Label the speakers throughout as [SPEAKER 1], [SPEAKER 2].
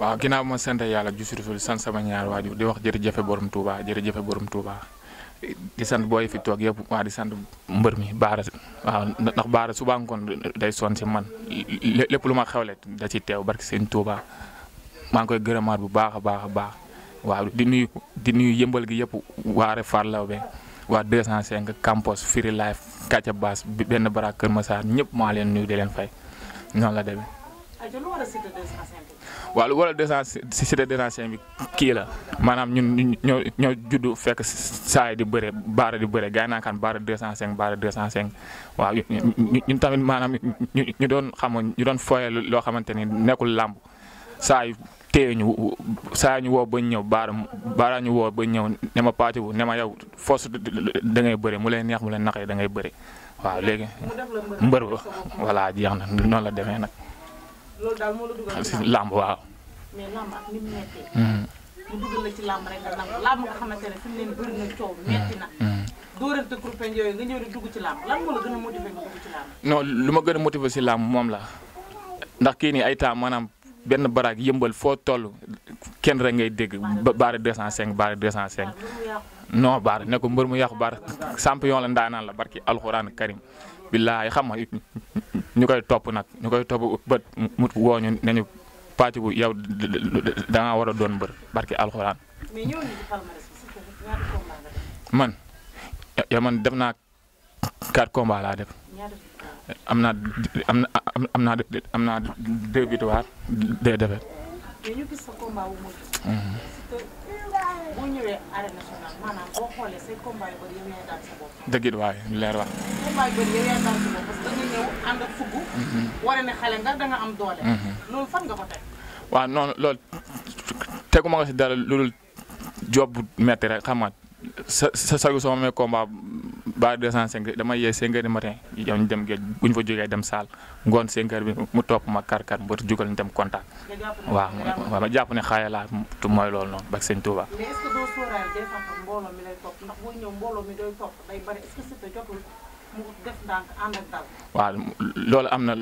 [SPEAKER 1] waaw ginnaaw ma sant yàlla ju surfil sant sama ñaar waajur di wax jër jërëjëf borom Touba jërëjëf borom Touba di sant booy fi toog yëpp waa di sant mbër mi baara waaw ndax baara day son si man lépp lu ma xewle da ci teew barki seen Touba maa ngi koy gërëmaat bu baax a baax a baax waaw di nuyu di nuyu yëmbal gi yëpp waare farlaw be wa 205 campus Free Life Katia Bass benda bara Kër Massar ñep maa leen nuyu di leen fay non la demee. wa lu wala 205 cité 205 bi ki la manam ñun ñoo ñoo juddu fekk saay di bëre baara di bëre gaay kan baara 205 baara 205 wa ñun tamit manam ñu doon xamoon ñu doon foye lo xamanteni nekul lamb saay téye ñu saa ñu woo ba ñëw baara baara ñu woo ba ñëw ne ma Pathé Wou ne ma yow force da ngay bëre mu leen neex mu leen naqee dangay ngay bëre waaw léegi mbër ba voilà jeex na noonu la demee na
[SPEAKER 2] coow mm-hmm. mm-hmm. làmb lan moo la gën a motivé
[SPEAKER 1] lu ma gën a motivé ci làmb moom la ndax kii nii ay temps maanaam. benn baraag yëmbal foo toll kenn rek ngay dégg baare 205 baare 205 non baare ne ko mbër mu yàqu baare champion la ndaanaan la barki alxuraan karim billaay xam nga ñu koy topp nag ñu koy topp bët mu wooñu ne ñu pàcc bu yow da nga war a doon mbër barki alxuraan. man ya def naa quatre combats def. am naa am am naa waaye leer wax. combat loolu teguma nga si dara lu dul job bu xam nga sa sa sagu sama combat. ba 205 dama yee 5 heures du matin yow ñu dem géej bu ñu fa jógee dem saal ngoon 5 heures bi mu topp ma kar kar mbër jugal ñu dem contact.
[SPEAKER 2] waaw waaw
[SPEAKER 1] jàpp ne xaaya laa tu mooy loolu
[SPEAKER 2] ak dal.
[SPEAKER 1] waaw am na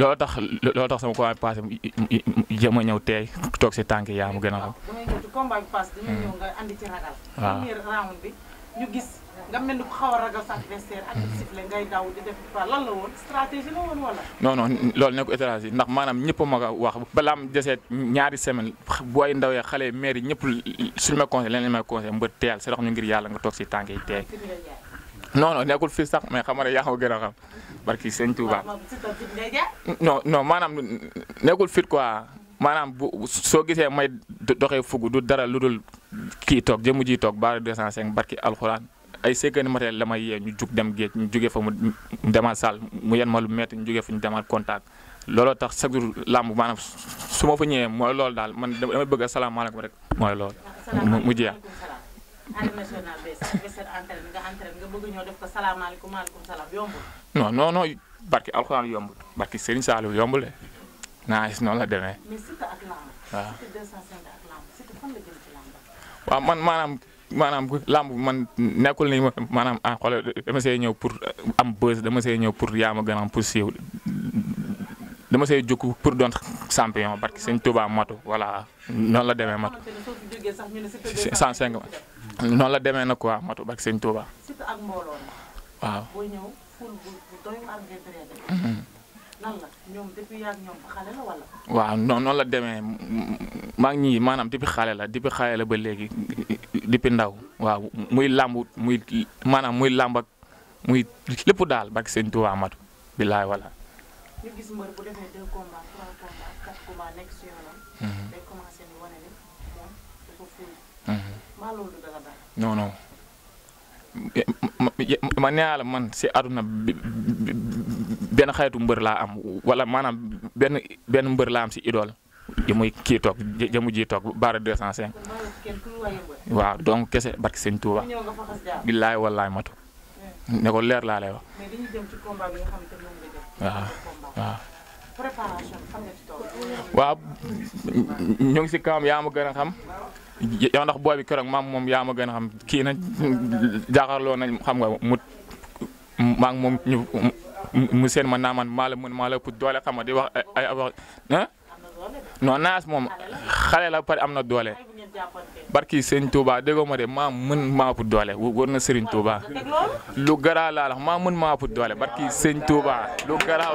[SPEAKER 1] loolu tax loolu tax sama combat bi passé a ñëw teey toog si tànk yaa mu gën a
[SPEAKER 2] xam. nga mel ni ku xaw a loolu
[SPEAKER 1] nekkul stratégie ndax maanaam ñëpp ma ko wax balaa mu desee ñaari semaine booy ndawee xale maire yi ñëpp suñu ma conseil leneen may conseil mbër teel sa ñu ngir yàlla nga toog si tànk yi teey non nekkul fii sax mais xam nga gën a xam barki sëñ Touba non maanaam nekkul fit quoi maanaam bu soo gisee may doxee fugu du dara lu dul kii toog jëmu ji toog baara 205 barki alxuraan ay cinq heures matériel la may yee ñu jug dem géej ñu jugee fa mu demaat saal mu yen ma lu métti ñu jugee fa ñu demaat contact looloo tax chaque jour làmb maanaam su ma fa ñëwee mooy loolu daal man damay bëgg asalaamaaleykum rek mooy loolu mu jeex non non non barki alxuraan yombul barki Serigne Saliou yombul naa gis noonu la demee waaw man maanaam maanaam làmb man nekkul ni maanaam ah xoolal dama see ñëw pour am buzz dama see ñëw pour yaama ma gën a am pour siiw dama see jóg pour doon champion parce que sëñ Touba matu voilà noonu la demee matu. cent cinq noonu la demee nag quoi matu parce que sëñ
[SPEAKER 2] waaw.
[SPEAKER 1] waaw non noonu la demee maa ngi ñii maanaam depuis xale la depuis xale la ba léegi depuis ndaw waaw muy làmb muy maanaam muy làmb ak muy lépp daal barke sëñ Tuubaa billaay wala. ñu ma nee man si àdduna benn xaytu mbër laa am wala maanaam benn benn mbër laa am si idool ji muy toog jëmu ji toog barre 205 waaw donc kese barki sëñ Touba billaay wallaay matu ne leer laa lay wax waaw waaw ngi si kawam yaa ma gën a xam yow ndax booy bi keroog maam moom yaama ma gën kii na jaaxarloo nañ xam nga mu maa ngi mu seen ma naa man maa la mën maa la doole xam nga di wax ay wax non moom xale la pare am na doole barki sëñ Touba déggoo ma de maa mën maa ëpp doole wër na Serigne Touba gara garaaw laa la maa a maa doole barki sëñ Touba lu garaaw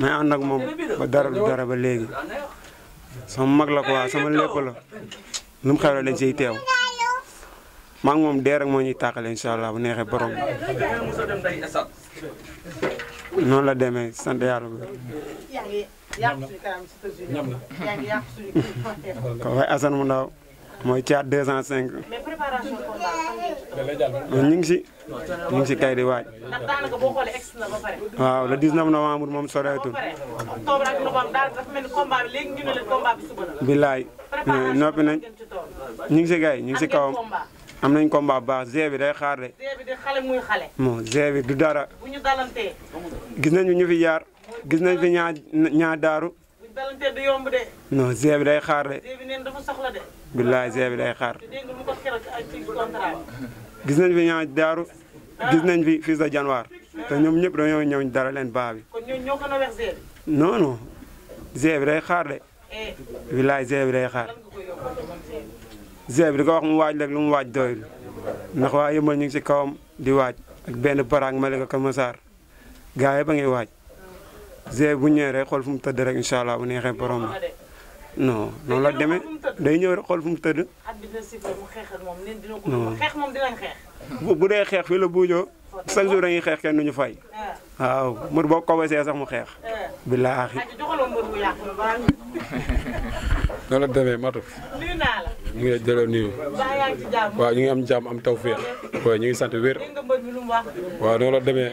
[SPEAKER 3] may ànd moom ba dara du dara ba léegi sama mag la quoi sama lépp la lu mu xewle dañ siy teew maa moom dee rek moo ñuy tàqale incha allah bu neexee borom noonu la demee sant yàlla bu wér. waaye mu ndaw. mooy caat deux cent cinq
[SPEAKER 4] ñu ngi si ñu ngi si kay di waaj
[SPEAKER 2] waaw le
[SPEAKER 3] 19 novembre moom soreetul billaay noppi nañ ñu ngi si gay ñu ngi si kawam am nañ combat baax G bi day xaar de. bon G bi du dara gis nañu ñu fi jaar gis nañ fi ñaa daaru non G bi day xaar de. بالله زياب لا يقار جزنا في نيوم الدارو جزنا في في ذا جانوار تنيوم نيب رو نيوم نيوم الدارو لين بابي نو نو زياب لا لي بالله زياب لا يقار زياب لقى واحد مواد لقى مواد دويل نخوا يوم نيجي كام دواج بين البراغ ملك كمسار غايب عن واج بنيه رأي خلف متدرج إن شاء الله بنيه خبرهم non noonu la demee day ñëw rek xool fu mu tëdd. at bu dee xeex fii la buujoo chaque jour dañuy xeex kenn ñu fay. Ah. waaw mbër boo ko sax mu xeex. Ah. billaahi.
[SPEAKER 2] bu yàq la
[SPEAKER 4] noonu la demee matu. nuyu ñu ngi delloo nuyu waaw ñu ngi am jàmm am tawféex waaw ñu ngi sant wér waaw noonu la demee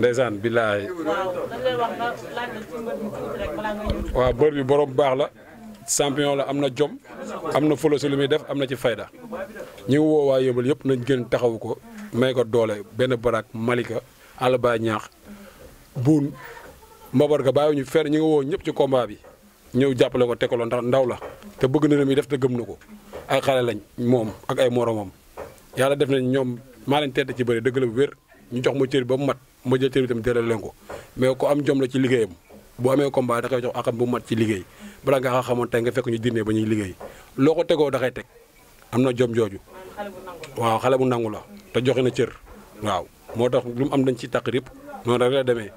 [SPEAKER 4] ndeysaan billaay waaw bër bi borom baax la champion la am na jom am na folo si lu muy def am na ci fayda ñu ngi woo waa yëmbal yëpp nañ gën taxaw ko may ko doole benn baraak malika àll ñaax buun mbabar ga bàyyi ñu fer ñu ngi woo ñëpp ci kombaa bi ñew jappalé ko tékolo ndaw la te bëgg na mi def te gëm nako ay xalé lañ mom ak ay moromam yalla def na ñom ma lañ tédd ci bëri dëgg la wër ñu jox mo ciir ba mat mo jël ciir tam jëlal leen ko mais ko am jom la ci liggéeyam bu amé combat da koy jox akam bu mat ci liggéey balaa nga xamone tay nga fekk ñu dirne ba ñuy liggéey loko ko da kay ték am jom jooju waaw xalé bu nangu la te joxé na ciir waaw motax lu am dañ ci takrib non rek la démé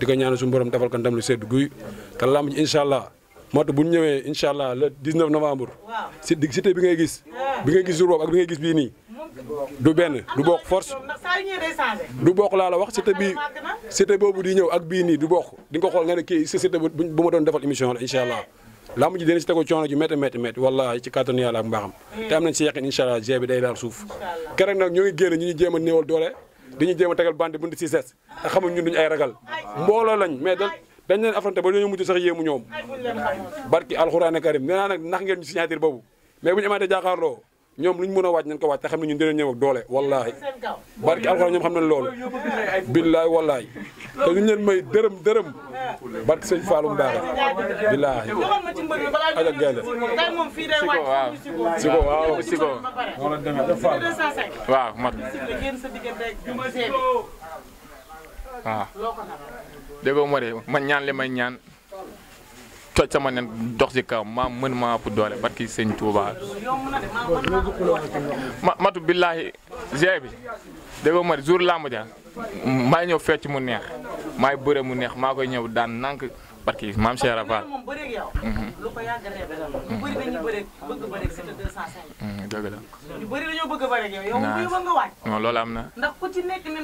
[SPEAKER 4] di ñaanu ñaanal suñu borom defal ko ndam lu sedd guuy ta lamb inshallah moo tax bu ñëwee incha allah le 19 novembre. waaw si di cité bi ngay gis. Ah. bi ngay gis jour boobu ak bi gis bii nii.
[SPEAKER 2] du benn du bokk force. du
[SPEAKER 4] bokk laa la wax cité bii cité boobu di ñëw ak bii nii du bokk di nga ko xool nga ne kii si cité bu ma doon defal émission la incha allah. Eh. laamu ji dina si tegu coono ju métti métti métti wallaahi ci kàttanu yàlla ak mbaaxam eh. te am nañ si yaqin incha allah gée bi day daal suuf keroog nag ñu ngi génn ñu ngi jéem a doole dañuy jéem a tegal bande bu ñu di si ses te xamuñ ñun ay ragal mbooloo lañ dañ leen affronté ba mujj sax yéemu ñoom barki alxuraan karim nee naa nag nax ngeen ñu signature boobu mais bu ñu amaatee jàkkaarloo ñoom lu ñu mën a waaj nañ ko waaj te xam ne ñun dinañ ñëw ak doole wallaahi
[SPEAKER 2] barki alxuraan ñoom xam nañ lool
[SPEAKER 4] billaahi wallaahi te ñu leen may dërëm dërëm barki sëñ Fallou Mbacke billaahi aja gaynde
[SPEAKER 2] waaw mat
[SPEAKER 1] déggoo ma de man ñaan li may ñaan coj sama nen dox ci kaw maa mën maa ëpp doole barki sëñ Tuuba ma matu billaahi g bi déggoo ma de jour ja maay ñëw fecc mu neex maay bëre mu neex maa koy ñëw daan nànk barki maam Cheikh Rafaal
[SPEAKER 2] mm-hmm. mm-hmm. dëgg la ñu bëri dañoo bëgg a bëri ak yow. yow bu ñu bëgg nga wàcc. non loolu am na. ndax ku ci am na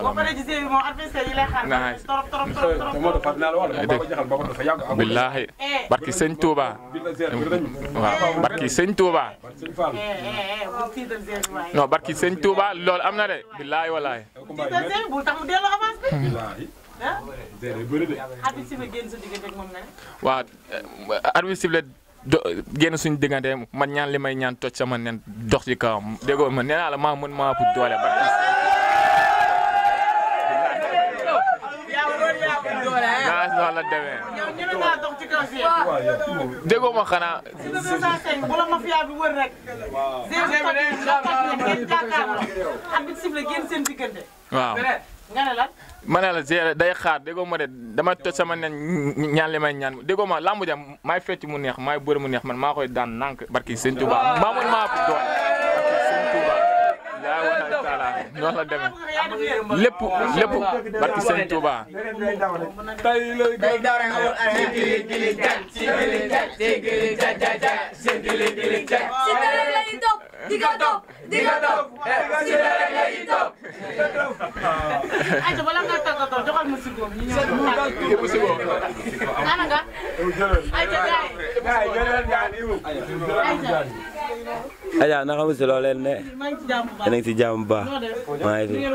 [SPEAKER 2] boo paree gisee bi moom adversaire yi lay xaar. naaj trop trop trop trop.
[SPEAKER 4] moo tax naa la wax dëgg Baba Jaxal Baba dafa
[SPEAKER 1] sëñ Touba. Eh, waaw eh, eh, am na de. billaahi wallaahi. bu tax bi. ah. do génn suñu diggante man ñaan li ñaan toj sama nen dox ci kawam déggoo ma nee naa la maa mën maa ëpp doole ba. naa ma xanaa. waaw. nga ne ma ne la Zé day xaar déggoo ma de dama toj sama nen ñaan li may ñaan déggoo ma làmb ja maay mu neex may bëri mu neex man maa koy daan nànk barki sëñ Touba maa mun maa doon barki sëñ Touba yaa wa la demee lépp lépp barki
[SPEAKER 5] sëñ
[SPEAKER 6] dinga toog dinga toog Sida rek la ñuy toog
[SPEAKER 4] dinga toog. ayca bala
[SPEAKER 2] nga tàggatoo joxal ma si góob ñu ñëw ñu tàggat ko. yëpp si góob. ana nga. ayca gars yi. gars yi jëlal
[SPEAKER 4] ñaan yi. ayca.
[SPEAKER 5] Aja naka mu si loo leen ne. yéen
[SPEAKER 2] a ngi si jàmm bu baax. maa ngi si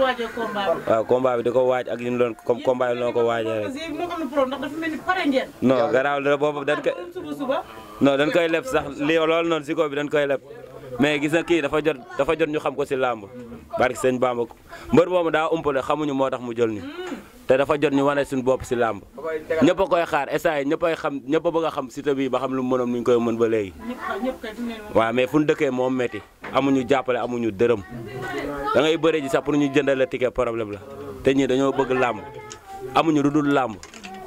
[SPEAKER 5] waaw combat bi di ko waaj ak li mu doon comme combat bi noo ko waajee
[SPEAKER 2] rek. non
[SPEAKER 5] garaaw la boobu dañ koy. non dañ koy leb sax lii loolu noonu si góob bi dañ koy leb. mais gis nga kii dafa jot dafa jot ñu xam ko si làmb barki sëñ Bamba mbër moomu daa umpale xamuñu moo tax mu jël ñu te dafa jot ñu wane suñu bopp si làmb ñëpp a koy xaar instant ñëpp ay xam ñëpp a bëgg a xam Siteu bi ba xam lu mu mënoon koy mën ba léegi waa mais fu ñu dëkkee moom métti amuñu jàppale amuñu dërëm dangay ngay bëre ji sax pour ñu jëndal la ticket problème la te ñii dañoo bëgg làmb amuñu lu dul làmb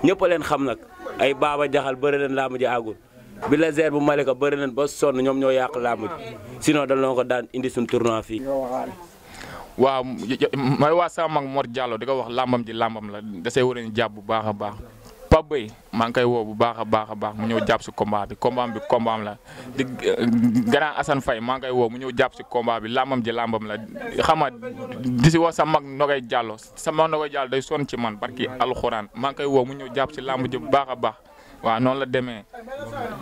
[SPEAKER 5] ñëpp leen xam nag ay baaba jaxal bëri leen làmb ji àggul bi la zer bu Malika bëri nañ ba sonn
[SPEAKER 1] ñoom ñoo yàq làmb ji sinon dañoo ko daan indi suñ tournoi fii. waaw may waa sama mag Mor Diallo di ko wax làmbam ji làmbam la dasee war a baax a baax Pape Bay koy woo bu baax a baax a baax mu ñëw jàpp si combat bi combat bi combat la di eh, grand Assane maa ngi koy woo mu ñëw jàpp si combat bi làmbam ji làmbam la xam di si wax sama mag Nogay jàlloo sama Nogay Diallo day sonn ci man barki alxuraan maa ngi koy woo mu ñëw jàpp si làmb ji bu baax a baax. waaw noonu la demee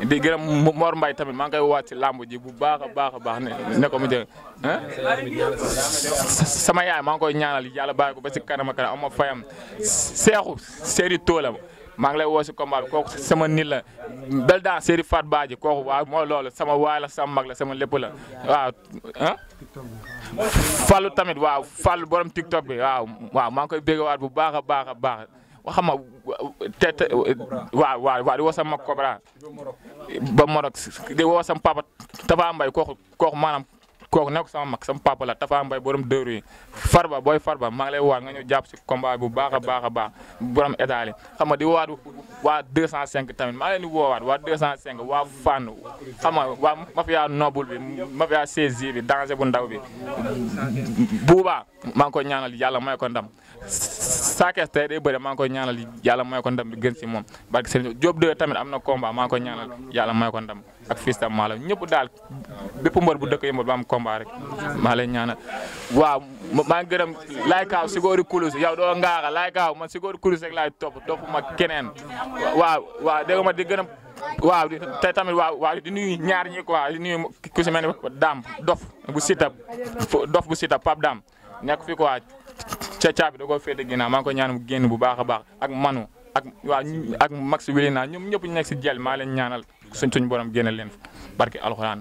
[SPEAKER 1] di gërëm Mor Mbaye tamit maa ngi koy waat ci làmb ji bu baax a baax a baax ne ne ko mu jë sama yaay maa ngi koy ñaanal yàlla bàyyi ko ba ci kanama ak kanam am ma fayam seexu seeri toolam maa ngi lay woo si combat bi sama nit la bel daa Serigne Fat Badji kooku waaw mooy loolu sama waay la sama mag la sama lépp la waaw ah. Fallou tamit waaw Fallou borom TikTok bi waaw waaw maa ngi koy béggewaat bu baax a baax a baax. xam nga te te waaw waaw waaw di woo sama mag Cobra ba Morok di woo sama papa Tafa Mbaye kooku kooku maanaam kooku nekk sama mag sama papa la Tafa Mbaye borom dëru yi Farba booy Farba maa ngi lay woo nga ñëw jàpp si combat bu baax a baax a baax borom état li xam nga di woowaat waa tamit maa ngi leen di woowaat waa 205 waa Fànn xam nga waa mafia noble bi mafia saisie bi danger bu ndaw bi buubaa maa ko ñaanal yàlla may ko Sa Thiès tey day bëri maa ngi koy ñaanal yàlla may ko ndam bi gën si moom barke Serigne Diop de tamit am na combat maa ngi ñaanal yàlla may ko ndam ak Fils de Malo ñëpp daal bépp mbër bu dëkk yëmbal ba am combat rek maa lay ñaanal waaw maa ngi gërëm laay kaaw si góori kulus yow doo ngaaxa laay kaaw man si góori kulus rek laay topp topp ma keneen waaw waaw dégg ma di gërëm waaw te tamit waaw waaw di nuyu ñaar ñi quoi di nuyu ku si dof bu sita pap daam nekk fi quoi ca caabi da koo féete ginnaaw maa ngi koy ñaan mu génn bu baax a baax ak manu ak waa ak max wilina ñoom ñëpp ñu nekk si jël maa leen ñaanal suñ suñ borom génnal leen fa barke alxuraan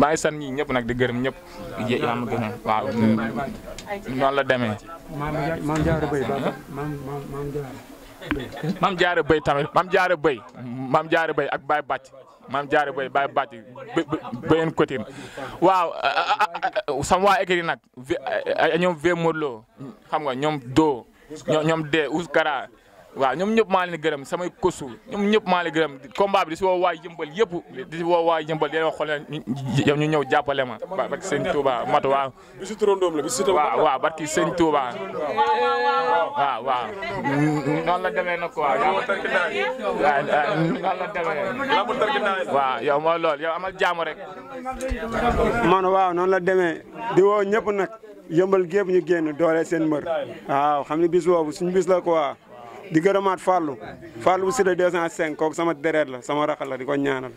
[SPEAKER 1] maa ngi sant ñi ñëpp nag di gërëm ñëpp yaa ma gën a waaw noonu la demee maam jaara bëy maam jaara bëy tamit maam jaara bëy maam jaara bëy ak baay bàcc maam jaare boy bàyyi bàcc beneen côté waaw sama waa écrit nag ñoom V Modlo xam nga ñom Do ñoom De Ouskara waaw ñoom ñëpp maa leen gërëm samay kosu ñoom ñëpp maa leen gërëm combat bi di si woo waay yëmbal yëpp di si woo waay yëmbal yéen a xool ñu ñëw jàppale ma. barki sëñ Touba Matu waaw. bi si turandoom la demee nag quoi. waaw noonu la demee. waaw yow mooy loolu yow amal jaamu rek.
[SPEAKER 3] man waaw noonu la deme di woo ñëpp nag yëmbal gépp ñu génn doole seen mbër. waaw xam ne bis boobu suñu bis la quoi. di gërëmaat Fallou Fallou bu Sida 205 kooku sama deret la sama raxal la di ko ñaanal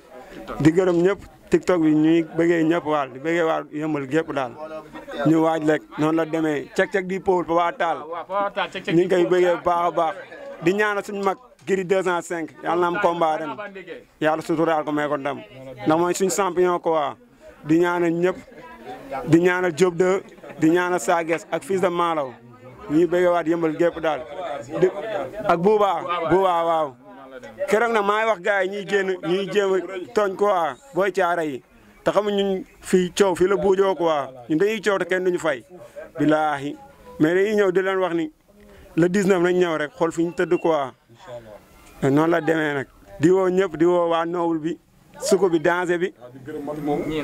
[SPEAKER 3] di gërëm ñëpp tiktok bi ñuy bëggee ñëpp waal di bëggee waal yëmbal gépp daal ñu waaj rek noonu la demee cek cek di Poul Papa Tall
[SPEAKER 1] ñu ngi koy bëggee
[SPEAKER 3] baax a baax di ñaanal suñu mag Gris 205 yàlla na am combat ren yàlla suturaal ko may ko ndam ndax mooy suñu champion di ñaanal ñëpp di ñaanal Diop de di ñaanal Sages ak fils de Malaw ñuy bëggee waat yëmbal gépp daal ak buubaa buubaa waaw keroog nag maa ngi wax gars yi ñuy génn ñuy jéem a tooñ quoi booy caara yi te xamu ñu fii coow fii la buujoo quoi ñun dañuy coow te kenn ñu fay bilaahi mais dañuy ñëw di leen wax ni le 19 nañ ñëw rek xool fi ñu tëdd quoi noonu la demee nag di woo ñëpp di woo waa noowul suko bi danger bi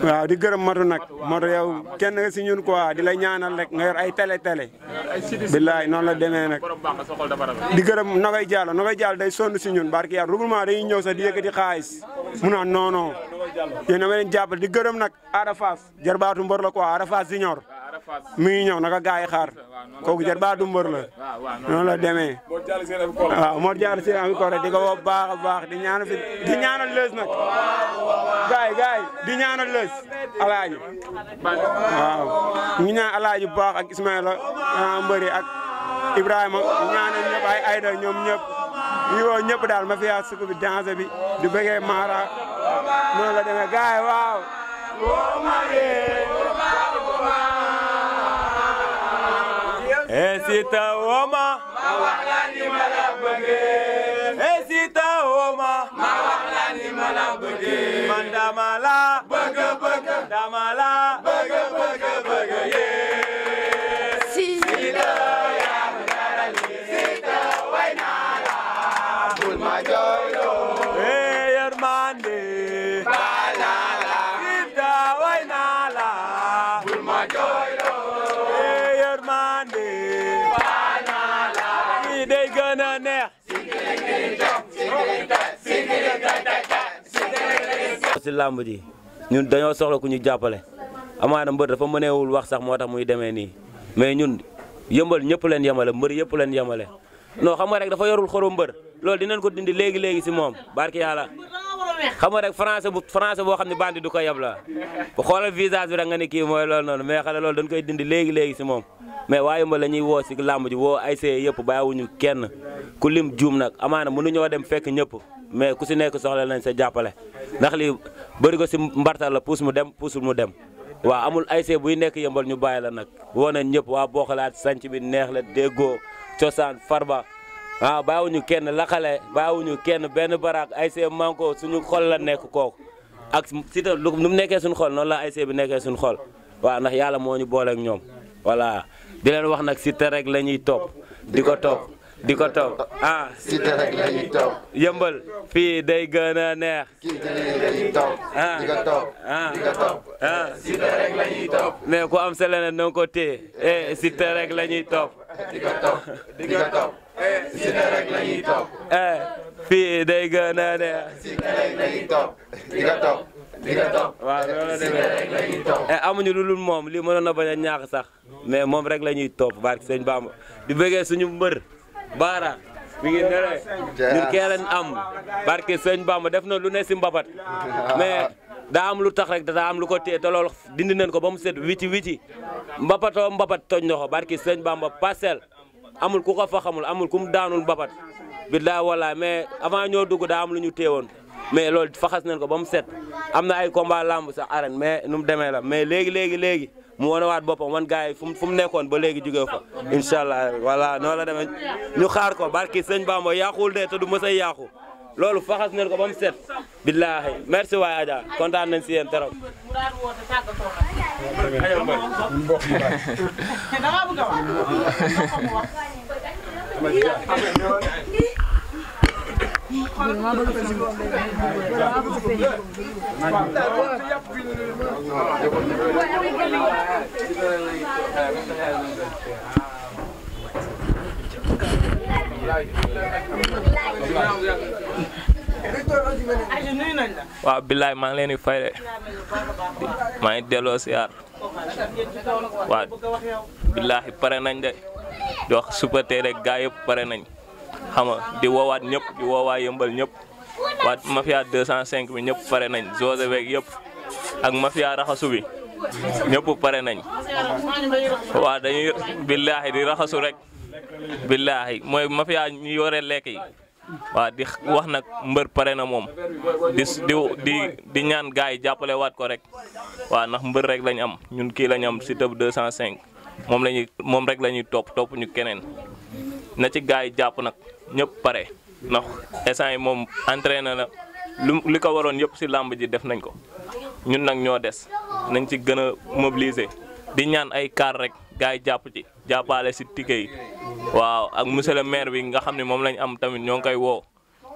[SPEAKER 3] waaw di gërëm matu nag matu yow kenn nga si ñun quoi di la ñaanal rek nga yor ay télé télé billaay noonu la demee nag di gërëm Nogay Diallo Nogay Diallo day sonn si ñun barki yàlla rublement dañuy ñëw sa di yëkkati xaalis mu naan non non yéen a ma di gërëm nag Ada Fass jarbaatu la quoi Ada Fass junior mi ngi ñëw naka gars yi xaar kooku jot baatu mbër la noonu waaw Mor Diallo Sine am ko di ko woo baax a baax di ñaanal fi di ñaanal lës nag gars yi di ñaanal lës alaaji waaw ñu ñaan alaaji bu baax ak Ismaïla ah, mbëri ak Ibrahima ñaanal ñëpp ay Aïda ñoom ñëpp woo ñëpp daal ma
[SPEAKER 5] Hesita Oma Mawalani Malabage Hesita Oma Mawalani Malabage Mandamala Baga Baga Damala si làmb ji ñun dañoo soxla ku ñu jàppale amaana mbër dafa mëneewul wax sax moo tax muy demee nii mais ñun yëmbal ñëpp leen yemale mbër yëpp leen yemale non xam nga rek dafa yorul xoro mbër lool dinañ ko dindi léegi léegi si moom barki yàlla xam nga rek français bu français boo xam ne bandi du ko yab la bu xoolal visage bi rek nga kii mooy loolu noonu mais xale loolu dañ koy léegi léegi si moom mais waaye mba la ñuy woo si làmb ji woo ay see yëpp bàyyiwuñu kenn ku lim juum nag amaana mënuñoo dem fekk ñëpp mais ku si nekk soxla nañ sa jàppale ndax lii bëri si mbartal la puus mu dem puusul mu dem waaw amul ay see buy nekk yëmbal ñu bàyyi la nag woo nañ ñëpp waa bokkalaat sanc bi neex la déggoo cosaan a ah bàyyiwuñu kenn laxale bàyyiwuñu kenn benn baraak ASC Manko suñu xol la nekk kooku ak Siteu lu mu nekkee suñu xol noonu la ASC bi nekkee suñu xol waaw ndax yàlla moo ñu booleeg ñoom voilà di wax nag Siteu rek la ñuy topp di ko topp di ko topp ah. rek la ñuy topp yëmbal fii day gën neex kii dañuy topp ah. di ko ah. rek la ñuy topp ku am sa leneen na nga ko téye eh Siteu rek la ñuy topp di nga topp di nga topp. Eh, si ne rek la eh, si ne rek la ñuy topp di nga topp di nga eh, moom lii mënoon na bañ a sax mais moom rek la ñuy topp barke sëñ Bamba di bëggee suñu mbër baara. mi ngi nere ñun barke sëñ Bamba def na lu ne si mbabat daa am lu tax rek daa am lu ko téye te loolu dindi nañ ko ba mu set witti witti mbapato mbapat toj na ko barki sëñ Bamba parcelle amul ku ko fa xamul amul ku mu daanul mbapat billaay wallaay mais avan ñoo dugg daa am lu ñu woon mais loolu faxas nañ ko ba mu set am na ay combat lamb sax arène mais nu mu demee la mais léegi léegi léegi mu wane waat boppam wan gars yi fu mu fu mu nekkoon ba léegi jógee ko incha allah voilà noonu la demee ñu xaar ko barki sëñ Bamba yàquwul de te du mës a yàqu lolou faxas ne ko bam set. billahi merci way Adja kontaan nañ ci yéen trop.
[SPEAKER 2] waaw
[SPEAKER 6] billaay maa ngi leen di fay de maa ngi delloo siyaar waaw billaahi pare nañ de di wax supporter rek gaa yëpp pare nañ xam nga di woowaat ñëpp di woowaa yëmbal ñëpp waat waa mafia 205 bi ñëpp pare nañ José beeg yëpp ak mafia raxasu bi ñëpp pare nañ waaw dañuy billaahi di raxasu rek billaahi mooy mafia ñu yore lekk yi waaw di wax nag mbër pare na moom di di di ñaan gars yi jàppale waat ko rek waaw nax mbër rek lañ am ñun kii lañu am si tëb 205 moom lañuy moom rek lañuy topp topp ñu keneen na ci gars yi jàpp nag ñëpp pare ndax instant yi moom entraîné na lu li ko waroon yëpp si làmb ji def nañ ko ñun nag ñoo des nañ ci gën a mobiliser di ñaan ay kaar rek gars yi jàpp ci jàppale si tike yi waaw ak monsieur le maire bi nga xam ne moom lañ am tamit ñoo ngi koy woo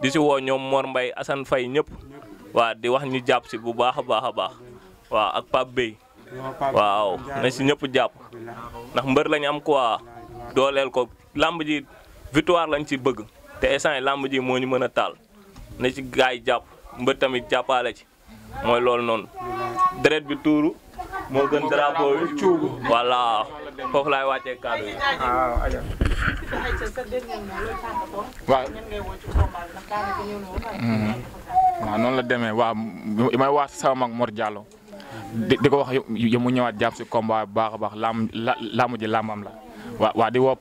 [SPEAKER 6] di si woo ñoom Mor mbay Assane fay ñëpp waaw di wax ñu jàpp si bu baax a baax a baax waaw ak Pape Bey waaw na si ñëpp jàpp ndax mbër lañ am quoi dooleel ko làmb ji victoire lañ ci bëgg te instant làmb ji moo ñu mën a taal na ci gars yi jàpp mbër tamit jàppale ci mooy loolu noonu deret bi tuuru moo gën drapeau bi cuubu voilà foofu laay wàccee kàddu yi.
[SPEAKER 1] Mm. noonu la demee waaw may wax sama mag Mor Diallo. di di ko wax yow mu ñëwaat jàpp si combat baax baax laam la laamu ji laamam la. waaw waaw di woo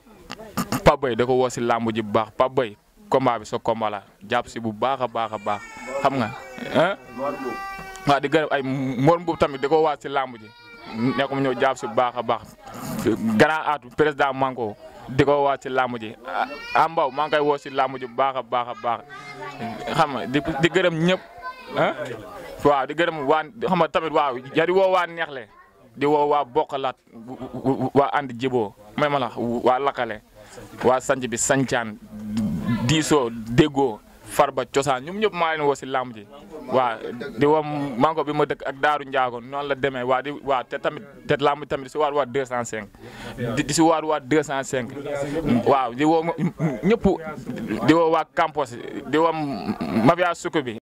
[SPEAKER 1] Pape Boye da ko woo si laamu ji bu baax Pape Boye combat bi sa combat jàpp si bu baax a baax a baax xam nga. waaw di gërëm ay Mor Mbuub tamit da ko woo si laamu ji. nekkum ñëw jàpp si bu baax a baax. grand aatu président Manko di ko woo si làmb ji ah Mbaw maa ngi woo si làmb ji bu baax a baax a baax xam nga di di gërëm ñëpp ah waaw di gërëm waa xam tamit waaw yaa di woo waa Neexle di woo waa Bokkalaat waa ànd jiboo may ma waa Lakale waa sanc bi sancaan diisoo déggoo far Farba cosaan ñoom ñëpp maa leen woo si làmb ji waa di woo mango bi ma dëkk ak Daaru Njaago noonu la demee waa di waa te tamit te làmb tamit si waar waa 205. di si waar waa 205 waaw di woo ñëpp di woo waa Campos di woo Mafia Sukk bi.